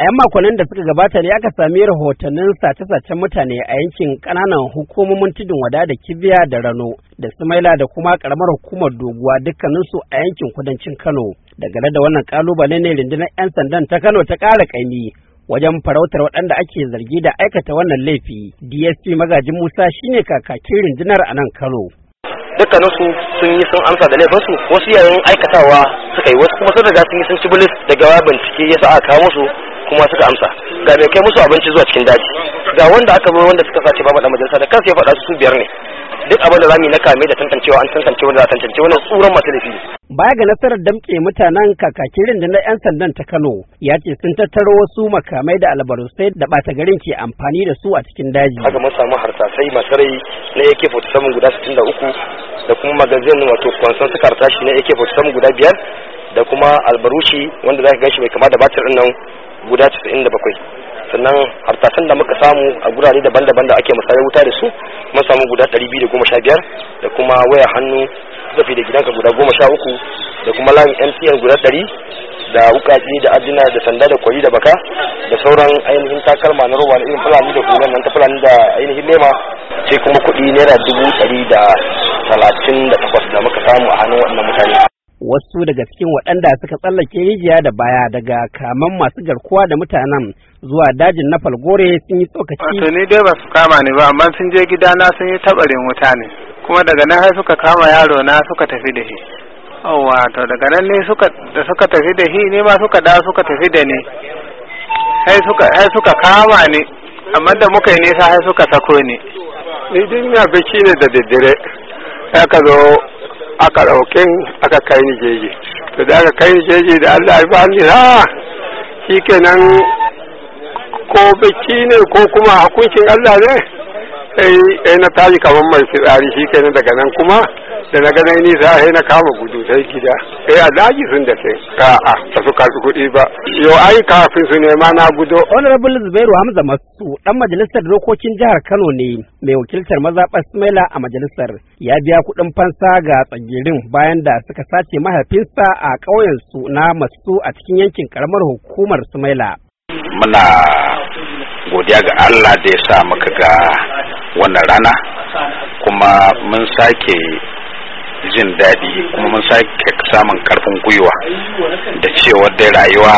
a yan makonnin da suka gabata ne aka sami rahotannin sace-sacen mutane a yankin kananan hukumomin tudun wada da kibiya da rano da sumaila da kuma karamar hukumar doguwa dukkaninsu a yankin kudancin kano daga da wannan kalubale ne rundunar 'yan sandan ta kano ta kara kaimi wajen farautar waɗanda ake zargi da aikata wannan laifi dsp magajin musa shine kakakin rundunar a nan kano dukkaninsu sun yi sun amsa da laifinsu wasu yayin aikatawa suka yi wasu kuma sun riga sun yi sun ci bulis daga bincike ya sa a kawo musu kuma suka amsa ga mai kai musu abinci zuwa cikin daji ga wanda aka bar wanda suka sace babu dan majalisa da kansa ya faɗa su biyar ne duk abin da zamu yi na kame da tantancewa an tantance wanda za a tantance wannan tsuran masu laifi baya ga nasarar damƙe mutanen kakakirin da na 'yan sandan ta Kano ya ce sun tattaro wasu makamai da albarusai da ɓata garin ke amfani da su a cikin daji. Haka mun samu harsasai masu rai na AK-47 guda 63 da kuma magazin wato kwanson suka tashi na AK-47 guda biyar da kuma albarushi wanda za ka ganshi mai kama da batir nan guda da bakwai sannan hartasan da muka samu a gurare daban-daban da ake musayar wuta da su mun samu guda 215 da kuma waya hannu tafi da gidanka guda 13 da kuma layin mtn guda 100 da wukaci da adina da sanda da kwari da baka da sauran ainihin takalma na roba na irin fulani da hulan nan ta fulani da ainihin lema sai kuma kuɗi naira dubu ɗari da talatin da takwas da muka samu a hannun wannan mutane wasu daga cikin waɗanda suka tsallake rijiya da baya daga kaman masu garkuwa da mutanen zuwa dajin na falgore sun yi tsokaci. Wato ni dai ba su kama ni ba amma sun je gidana sun yi tabarin wuta ne kuma daga nan har suka kama yaro na suka tafi da shi. Wato daga nan ne suka da suka tafi da shi ne ma suka da suka tafi da ni. Sai suka suka kama ni amma da muka yi nisa sai suka sako ni. Ni dai ina bacci ne da daddare. Ya ka zo aka ɗaukin aka kai ni jeji to da aka kai ni jeji da Allah ya bani ha shikenan ko biki ne ko kuma hukuncin Allah ne eh na tashi kamar mai fitsari shikenan daga nan kuma da na ga ni za a na kama gudu sai gida eh daji sun da ke. ka a su karɓi kuɗi ba yo ai kafin su nema na gudo honorable zubairu hamza masu dan majalisar dokokin jihar kano ne mai wakiltar mazaɓar smaila a majalisar ya biya kuɗin fansa ga tsagirin bayan da suka sace mahaifinsa a ƙauyen su na masu a cikin yankin karamar hukumar sumaila muna godiya ga allah da ya sa muka ga wannan rana kuma mun sake jin daɗi kuma mun sake samun karfin gwiwa da cewa dai rayuwa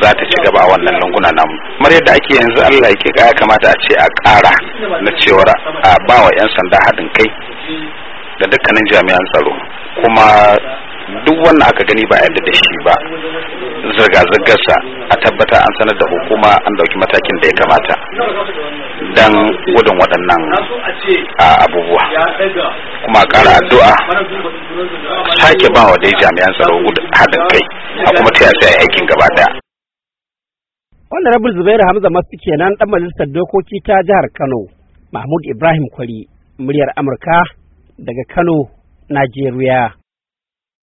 za ta ci gaba a wannan lunguna namu kamar yadda ake yanzu allah yake ya kamata a ce a ƙara na cewar a ba wa 'yan sanda haɗin kai da dukkanin jami'an tsaro kuma duk wannan aka gani ba yadda da shi ba zirga-zirgarsa a tabbata an sanar da hukuma an dauki matakin da ya kamata don gudun waɗannan abubuwa kuma kara addu'a sake ba wa dai jami'an tsaro haɗin kai a kuma ta yasa aikin gaba ɗaya. rabin Zubairu Hamza Masu kenan ɗan majalisar dokoki ta jihar Kano, Mahmud Ibrahim Kwari, muryar Amurka daga Kano, Najeriya.